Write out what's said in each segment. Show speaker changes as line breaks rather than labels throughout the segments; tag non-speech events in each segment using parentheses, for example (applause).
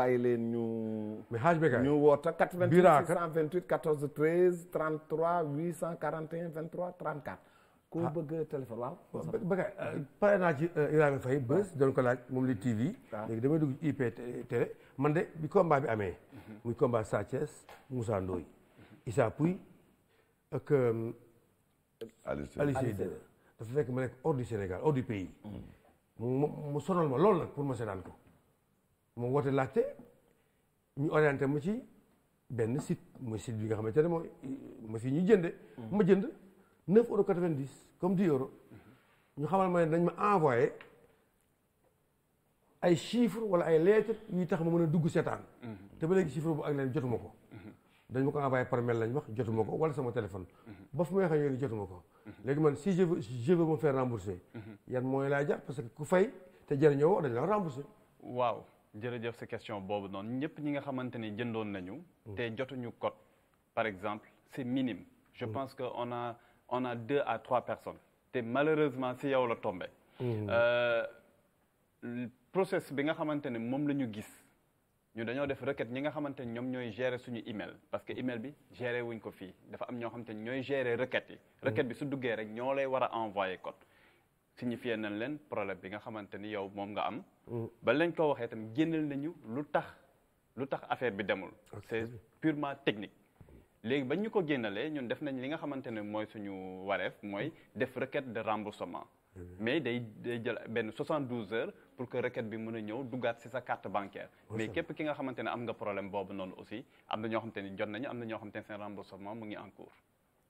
bàyyi leen ñu. mais xaaj Bécaye ñu woote. 88 628 14 13 33 841 23 34. koo bëgg téléphone waaw. Bécaye
euh, pare naa ci euh, Ibrahima Faye bés doon ko laaj moom li TV. Ah. damay dugg ci IP télé man de bi combat bi amee. Mhm. muy combat Sa Thiès Moussa Ndoye. Mhm. Issa Pouye ak. Euh, Aliou Seydou dafa fekk ma nekk hors Sénégal hors pays. Mhm. mu mu ma loolu nag pour ma seetaan ko. ma woote laajte ñu orienté ma ci benn site mooy site bi nga xamante ne mooy ma fii ñu mm-hmm. ma jënd neuf euros quatre vingt comme dix euros mm-hmm. ñu xamal ma ne dañ ma envoyé ay chiffres wala ay lettres yuy tax ma mën a dugg seetaan mm-hmm. te ba léegi chiffre bu ak leen jotuma ko dañ ma ko envoyé par mail lañ wax jotuma ko wala sama téléphone ba fu may waxee yoon jotuma ko léegi man si je veux je veux me faire yan mooy laay jar parce que ku fay te jëriñoo dañ la rembourser
waaw jërëjëf sa question boobu noonu ñëpp ñi nga xamante ni jëndoon nañu. Mm. te jotuñu code par exemple c'est minime. je mm. pense que on a on a deux trois personnes. te malheureusement si yow la tombé. Mm. Euh, process bi nga xamante ne moom la ñu gis ñu dañoo def requête ñi nga xamante ne ñoom ñooy gérer suñu email parce que email bi gere wuñ ko fii dafa am ñoo xam ne ñooy gérer requête yi. requête bi su duggee rek ñoo lay war a envoyer code. signifié nañ leen problème bi nga xamante ni yow moom nga am. Mm. ba lañ ko waxee itam génneel nañu lu tax lu tax affaire bi demul. c'est purement technique. léegi ba ñu ko génnalee ñun def nañ li nga xamante ne mooy suñu wareef mooy def requête de remboursement. Mm. mais day day jël benn 72 heures pour que requête bi mën a ñëw duggaat ci sa carte bancaire. mais képp ki nga xamante ne am nga problème boobu noonu aussi am na ñoo xamante ni jot nañu am na ñoo xamante ne seen remboursement mu ngi en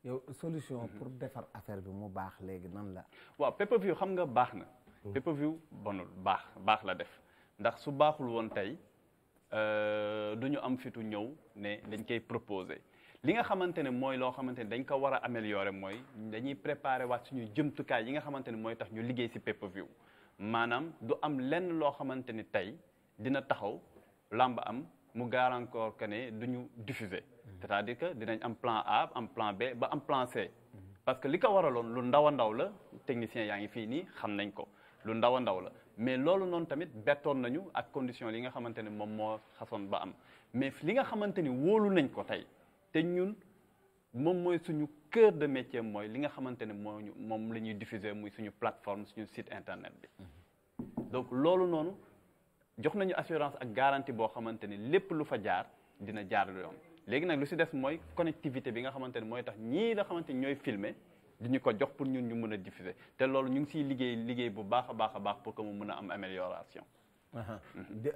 yow solution mhm. pour defar affaire bi mu baax léegi nan la.
waaw pay-per-view xam nga baax na. Mhm. pay-per-view bonul baax baax la def ndax su baaxul woon tey euh, du ñu am fitu ñëw ne dañ koy proposer li nga xamante ne mooy loo xamante ne dañ ko war a améliorer mooy dañuy préparer waat suñuy jumtukaay yi nga xamante ne mooy tax ñu liggéey ci pay-per-view maanaam du am lenn loo xamante ni tey dina taxaw làmb am mu gàllankoor que ne du ñu diffuser. c'est-à-dire que dinañ am plan A am plan B ba am plan C. parce que li ko waraloon lu ndaw a ndaw la technicien yaa ngi fii nii xam nañ ko lu ndaw ndaw la mais loolu noonu tamit bettoon nañu ak condition li nga xamante ne moom moo xasoon ba am mais li nga xamante ni wóolu nañ ko tey te ñun moom mooy suñu cœur de métier mooy li nga xamante ne moo ñu moom la ñuy diffuser muy suñu plateforme suñu site internet bi donc loolu noonu jox nañu assurance ak garantie boo xamante ni lépp lu fa jaar dina jaar léegi nag lu si des mooy connectivité bi nga xamante ne mooy tax ñii nga xamante ni ñooy filmer di ñu ko jox pour ñun ñu mun a diffuser te loolu ñu ngi siy liggéey liggéey bu baax a baax a baax pour que mu mun a am amélioration.
Euh,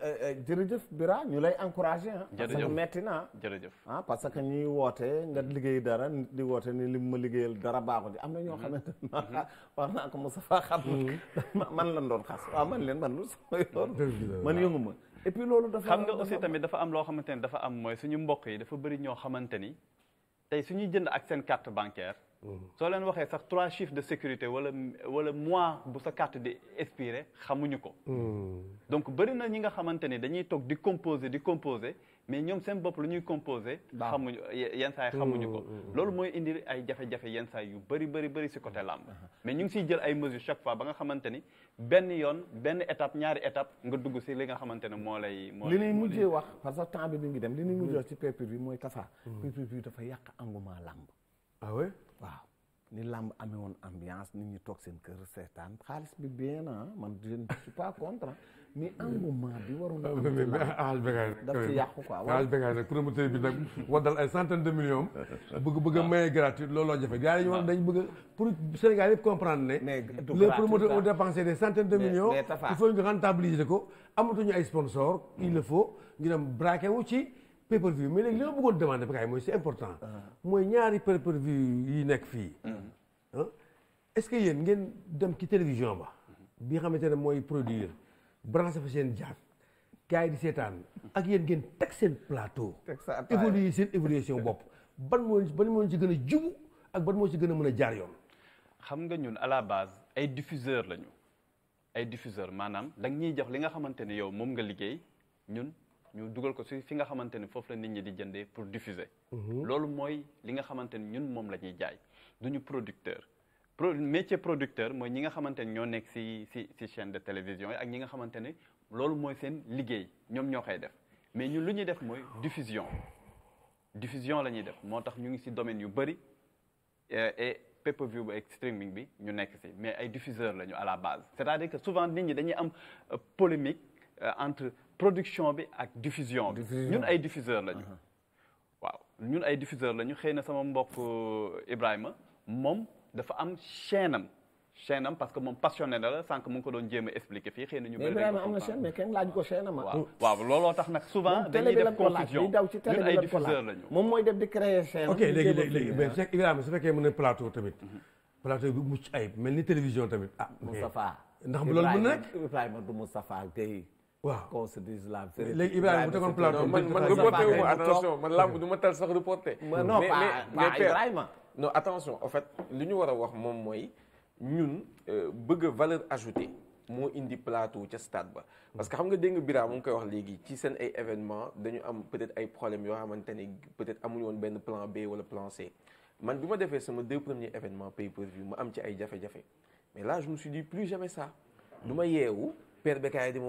euh, jërëjëf Bira ñu lay encouragé ah. jërëjëf
na jërëjëf.
ah parce que ñuy woote nga liggéey dara di woote ni lim ma liggéeyal dara baaxu di am na ñoo mhm. xamante mhm. ne (laughs) wax naa ko Moustapha xam
mhm. (laughs) man lan doon xas waaw man leen man lu sama yoon man yëngu et puis loolu dafa xam nga aussi tamit dafa am loo xamante ni dafa am mooy suñu mbokk yi dafa bëri ñoo xamante ni tey suñuy jënd ak seen carte bancaire soo leen waxee sax trois chiffres de sécurité wala wala mois bu sa carte di expiré xamuñu ko. Hmm. donc bëri na ñi nga xamante ni dañuy toog di composer di composer mais ñoom seen bopp lu ñuy composer. xamuñu yenn saa yi xamuñu ko. Hmm, hmm, loolu mooy indi ay jafe-jafe saa yu bëri bëri bëri si côté làmb. mais ñu ngi siy jël ay mesures chaque fois ba nga xamante ni benn yoon benn étape ñaari étape nga dugg si li nga xamante ne moo lay. moo lay li lay mujjee wax
parce que temps bi mi ngi dem li ñuy mujjee wax ci pay-per-view bi mooy tafa. pay per yàq
engouement làmb.
Ah ni làmb amee woon ambiance nit ñi toog seen kër seetaan xaalis bi bien na ah, man je ne pas contre ah. mais un moment bi waroon na. xaalis bi nga xam daf ci yàqu quoi. xaalis
a ah. maye gratuit looloo jafe gars yi ñu wax dañ bëgg pour Sénégal yëpp comprendre ne. mais les promoteurs ont ay sponsors. il faut ñu dem braqué wu ci. pay per view mais léegi li ma bëggoon demandé Bécaye mooy c'est important. Ah. mooy ñaari pay per view yi nekk fii. Mm-hmm. Ah. est-ce que yéen ngeen dem ki télévision ba. Mm-hmm. bi nga xamante ne mooy produire branché fa seen jaar gars yi seetaan ak yéen ngeen teg seen plateau. teg sa évoluer seen évolution bopp ban moo ban moo ci gën a jubu ak ban moo ci gën a mën a jaar yoon.
xam nga ñun à la base ay diffuseur lañu ay diffuseur maanaam da ñuy jox li nga xamante ne yow moom nga liggéey ñun. ñu dugal ko si fi nga xamante ni foofu la nit ñi di jëndee pour diffuser. Mhm. loolu mooy li nga xamante ni ñun moom la ñuy jaay ñu producteur. pro métier producteur mooy ñi nga xamante ni ñoo nekk si si si chaîne de télévision yi ak ñi nga xamante ni loolu mooy seen liggéey ñoom ñoo koy def mais ñun lu ñuy def mooy diffusion diffusion la ñuy def moo tax ñu ngi si domaine yu bëri euh, et pay-per-view bi ak bi ñu nekk si mais ay diffuseur la ñu à la base. c'est-à-dire que souvent nit ñi dañuy am euh, polémique. Euh, entre production bi ak diffusion bi ñun ay diffuseur lañu uh-huh. waaw ñun ay diffuseur lañu xëy na sama mbokk euh, Ibrahima moom dafa am chaîne am chaîne am parce que moom passionné na la sànq mu ngi ko doon jéem a expliqué fii xëy na ñu. mais Ibrahima am na
chaîne mais kenn laaj ko chaîne am waaw waaw looloo tax nag souvent moom mooy def di créer chaîne ok léegi léegi léegi mais Cheikh
Ibrahima su fekkee mën na plateau tamit mhm. plateau bi mucc ayib mel ni télévision tamit ah Moustapha ndax loolu mën
na nekk waaw qu'on se dise la vérité. léegi Ibrahima bu tegoon plateau man man reporté wu ma attention man
ma tal sax reporté. non pas fait li ñu war a wax moom mooy ñun euh, bëgg valeur ajoutée moo indi plateau ca stade ba. parce que xam nga dégg nga Bira mu ngi koy wax léegi ci seen ay événements dañu peut-être ay problèmes yoo xamante ne peut-être amuñu woon benn plan B wala plan man bi ma defee sama deux premiers événements pay per ma am ci ay jafe-jafe mais là je me plus jamais ça
du ma yeewu.
père Bécaye di ma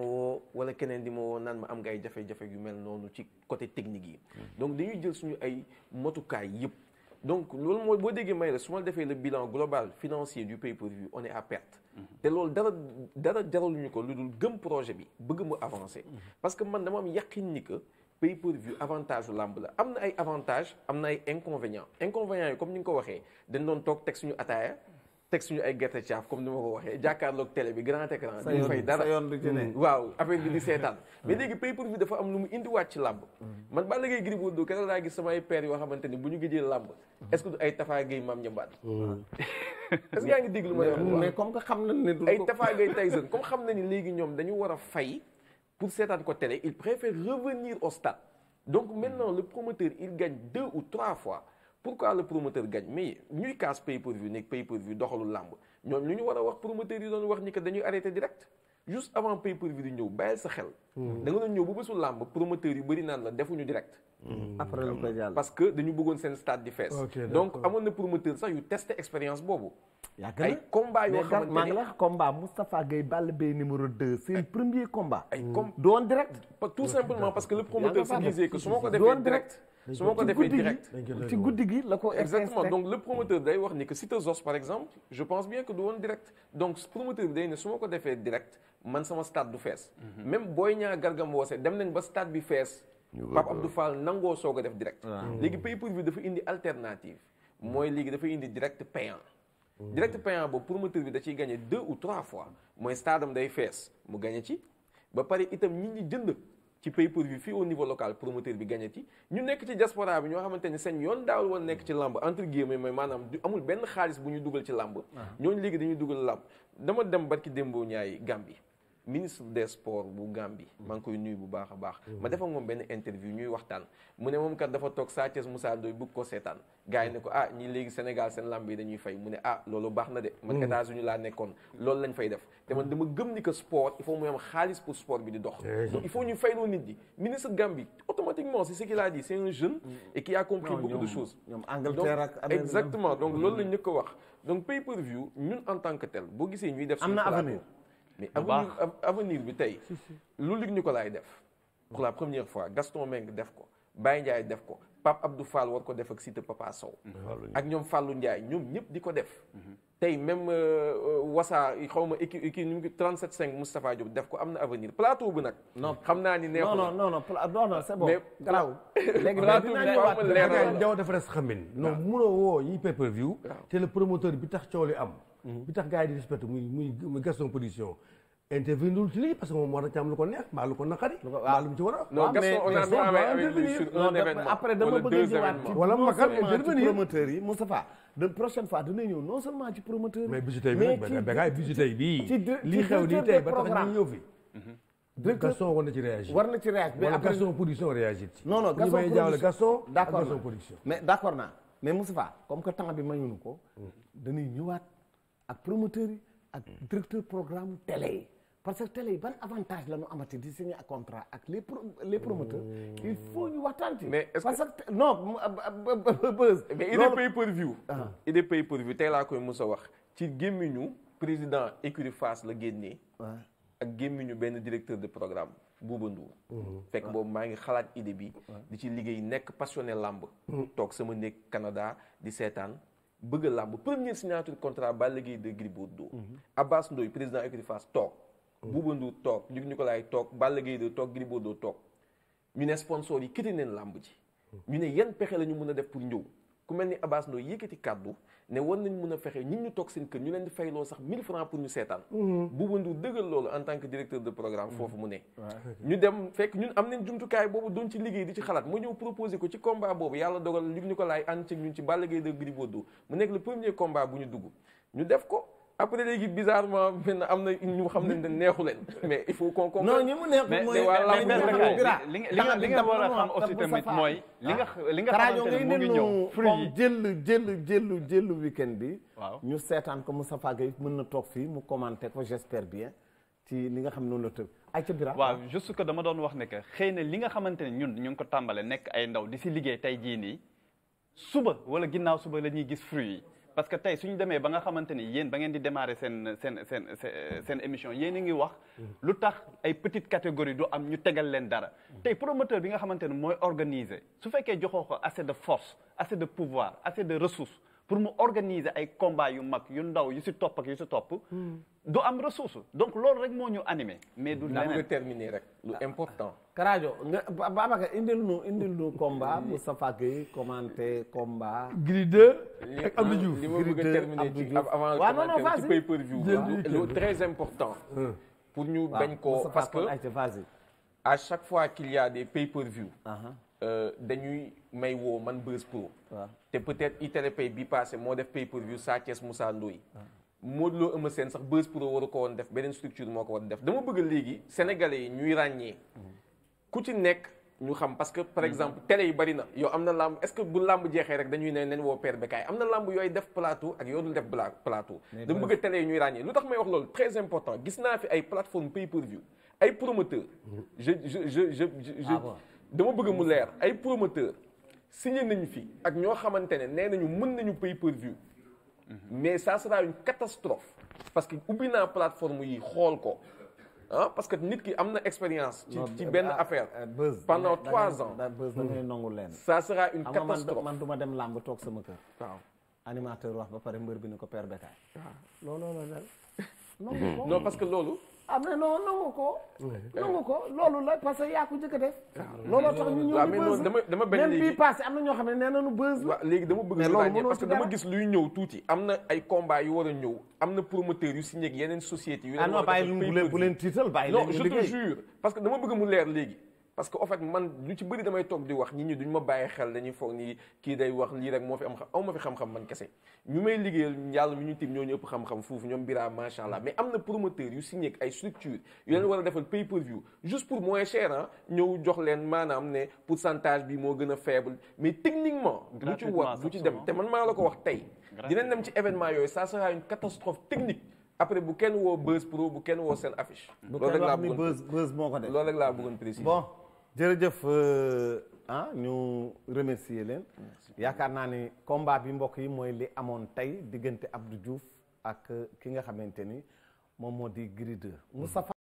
wala keneen di ma woo naan ma am ngay ay jafe-jafe yu mel noonu ci côté technique yi donc dañuy jël suñu ay motukaay yëpp donc loolu moo boo déggee may la su ma defee le bilan global financier du pay-per-view on est à perte te loolu dara dara jaraluñu ko lu dul gëm projet bi bëgg mu avancer parce que man dama am yàqin ni que pay-per-view avantage làmb la am na ay avantage am na ay inconvénient inconvénients yi comme ni nga ko waxee dañ doon toog teg suñu ataaya teg suñu ay gerte caaf comme ni ma ko waxee jàkkaarloog télé bi grand écran duñu fay dara mm. waaw affaire bi di seetaan mais dafa am lu mu indiwaat ci làmb mm. man ba la ngay Gris Bordeaux kenn laa gis samay père yoo xamante ni bu ñu gëjee làmb est-ce que du ay Tafa Gueye maam mm. njëmbaat est-ce que yaa ngi dégg lu ma mais comme que xam na ne du ay Tafa Gueye Tyson comme xam na ni léegi ñoom dañu war a fay pour seetaan ko télé il préfère revenir au stade donc maintenant le promoteur il gagne deux ou trois fois pourquoi le promoteur gagne mais ñuy casse pay per view nekk pay per view doxalu làmb ñoom lu ñu war a wax promoteur yi doon wax ni dañuy arrêté direct juste avant pay per view di ñëw bàyyil sa xel. Hmm. da nga ñëw bu bésu làmb promoteur yu bëri naan la defuñu direct. Hmm. parce que dañu bëggoon seen stade di fees. donc amoon na promoteur sax yu testé expérience boobu.
yaakaar naa ay combat combat Moustapha Gueye Balla Beye numéro 2 c'est premier combat. su ma ko defee direct ci guddi gi la ko exactement donc le
promoteur day wax ni que Siteu Zos par exemple je pense bien que du woon direct donc promoteur bi day ne su ma ko defee direct man sama stade du fees mhm. même booy Niang Garga Mbossé dem nañ ba stade bi fees Pape Abdou Fall nangoo soog a def direct mm. léegi pay pour view dafa indi alternative mm. mooy léegi dafay indi direct payant mm. direct payant boobu promoteur bi da ciy gagné deux ou trois fois mooy stade day fees mu gagné ci ba pare itam nit ñi jënd ci pay per view fii au niveau local promoteur bi gagné ci ñu nekk ci diaspora bi ñoo xamante ne seen yoon daawul woon nekk ci lamb entre guillemets mooy maanaam amul benn xaalis bu ñu dugal ci lamb ah. ñooñu léegi dañuy dugal lamb dama dem barki démboo ñaay Gambie ministre de sports bu Gambie. Mm. maa ngi koy nuyu bu baax a baax. Mm. ma defa moom benn interview ñuy waxtaan mu ne moom kat dafa toog Sa Thiès Moussa Ndoye bëgg ko seetaan gars yi ne ko ah ñi léegi Sénégal seen lamb yi dañuy fay mu ne ah loolu baax na de. man mm. États-Unis laa nekkoon loolu lañ fay def te man dama gëm ni que sport il faut mu am xaalis pour sport bi di dox. donc il faut ñu fayloo nit ñi ministre Gambie automatiquement c'est ce qu'il a dit c'est un jeune. et qui loolu lañ ko wax donc en tant que boo gisee ñuy def. am na avenir mais avenir avenir bi tey. lu ko Nicolaï def. pour la première fois Gaston Meng def ko Baye Ndiaye def ko Pape Abdou Fall war ko def ak Siteu Papa Sow. Mm-hmm. ak ñoom Fallou Ndiaye ñoom ñëpp di ko def. Mm-hmm. tey même euh, wasaa xaw ma équipe équipe ñu ngi 37 5 Moustapha Diop def ko am na avenir plateau bi nag. non xam naa ni neexul non non non non
non c'est
bon. léegi
plateau bi dafa leeral
dafa des xamin. non mënoo woo yi pay view. te le promoteur bi tax coow li am. bi tax gars di respecté muy muy Gaston Production intervenir ci lii parce que moom lu ko neex lu ko naqari. mbaa lu mu ci war a. non mais
après dama a ñëwaat. wala
ah. ci promoteur mais bi nag
béykat yi bisu tey bii. ci ba tax ñu fi. Gaston war ci réagir war ci réagir mais après Gaston production réagir ci. non non Gaston production ñu may jaawale Gaston.
d' accord mais ko. dañuy ñëwaat. ak promoteur yi ak mm. directeur programme télé yi parce que télé yi ban avantage la ñu amati di signé ak contrat ak les pro les mm. il faut ñu waxtaan mais est-ce parce que non buzz. mais ah. il est pay per view.
il est laa koy mos wax. ci gémmiñu président écurie Fass la génnee. ak gémmiñu benn directeur de programme. Bouba Ndour
mm-hmm. fekk boobu
maa ngi xalaat idée bi. di ci liggéey nekk passionné làmb. Mm. toog sama néeg Canada di seetaan. bëgg a làmb première signature contrat Balla Gaye de Gris Bordeaux. Mhm. Abbas Ndoye président écurie Fass toog. Mhm. Bouba Ndour toog Luc Nicolaï toog Balla Gaye de toog Gris Bordeaux toog ñu ne sponsor yi kiti neen làmb ji. Mhm. ñu ne yan pexe la ñu mën a def pour ñëw. ku mel ni Abass Ndoye yëkkati kàddu ne war nañ mën a fexe ñi ñu toog seen kër ñu leen di fayloo sax 1000 francs pour ñu seetaan mhm. Bouba Ndour dëggal loolu en tant que directeur de programme mhm. foofu mu ne ñu dem fekk ñun am nañ jumtukaay boobu doon ci liggéey di ci xalaat mu ñëw proposé ko ci combat boobu yàlla dogal li ñu ko laay ànd ci ñun ci Balla Gaye de Gris Bordeaux mu nekk le premier combat bu ñu dugg ñu def ko après léegi bizarrement maintenant am na ñu xam ne neexu mais il faut qu'on comprenne non mu neexul li nga li nga war a xam li nga li nga
xamante ne ñëw fruit yi
jël jël jël jël bi. waaw ñu seetaan ko Moustapha Gueye mën na toog fii mu commenté ko j'espère bien ci li nga xam noonu la tëb. ay
ca dama doon wax ne que xëy na li nga xamante ne ñun ñu ngi ko tàmbale nekk ay ndaw di si liggéey tey jii nii suba wala ginnaaw suba la ñuy gis fruit yi parce que tey suñu demee ba nga xamante ni yéen ba ngeen di démarrer seen seen seen seen émission yéen a ngi wax lu tax ay petite catégorie du am ñu tegal leen dara tey promoteur bi nga xamante ne mooy organiser su fekkee joxoo ko assez de force assez de pouvoir assez de ressources pour mu organiser ay combat yu mag yu ndaw yu si topp ak yu si topp. Hmm. do am ressource donc loolu rek moo ñu anime mais du leneen terminer rek lu ah, important. Ah, ah. Karajo nga
Babacar indil nu indil nu combat Moustapha Gueye commenté combat. Gris 2 ma bëgg a terminer ci avant. waaw non non vas-y important.
Hmm. pour ñu bañ ko parce que à chaque fois qu'il y a des pay-per-view. Uh-huh. Euh, dañuy. may woo man Beuz Pro te peut-être ITRP bi passé moo def pay per view Sa Thiès Moussa moo Modou Lo Eumeu Sène sax Beuz Pro waru ko woon def beneen structure moo ko war def dama bëgg léegi sénégalais yi ñuy ràññee mm-hmm. ku ci nekk ñu xam parce que par mm-hmm. exemple télé yi bari na yow am na làmb est-ce que bu làmb jeexee rek dañuy ne nañ woo Père am na làmb yooyu def plateau ak yoo dul def plateau dama bëgg télé yi ñuy ràññee lu tax may wax loolu très important naa fi ay plateforme pay per view ay promoteur mm-hmm. je je je je je ah dama bëgg mu leer ay promoteur signé nañu fi ak ñoo xamante ne nee nañu mën nañu pay per view mais ça sera une catastrophe parce que ubbi naa plateforme yi xool
ko ah,
parce que nit ki am na expérience. ci benn ah, affaire.
Euh, pendant trois ans. Hmm. ça sera une catastrophe man du ma dem làmb toog sama kër. waaw animateur wax ba pare mbër bi ni ko père Bécaye. waaw looloo la non parce loolu. am na non nangu ko. nangu ko loolu la parce que yaa ko a def. Ah, looloo tax ñu ñëw di ah, buzz bii passé am na ñoo xam ne nee nu buzz la. dama bëgg lu ràññee parce que dama
gis luy ñëw tuuti am na ay combat yu war a ñëw am na promoteur yu signé ak yeneen société yu ah non bàyyi bu leen tiital bàyyi parce que dama bëgg mu leer léegi parce que en fait man lu ci bëri damay toog di wax nit ñi duñ ma bàyyi xel dañuy foog ni kii day wax lii rek moo fi am xam aw fi xam-xam man kese ñu may liggéeyal yàlla mi ñu tiim ñooñu ëpp xam-xam foofu ñoom biraa macha allah mais am na promoteur yu signé ak ay structure yu leen war a defal pay per pour moins cher ah ñëw jox leen maanaam ne pourcentage bi moo gën a faible mais techniquement du ci war du ci dem te man maa la ko wax tey dem ci événement yooyu ça sera une catastrophe technique après bu kenn
kenn woo seen affiche loolu loolu rek laa bëggoon préciser bon jërëjëf euh, ah ñu remercier leen yaakaar naa ni combat bi mbokk yi mooy li amoon tey diggante Abdou Diouf ak ki nga xamante ni moom moo di Gris 2 Moustapha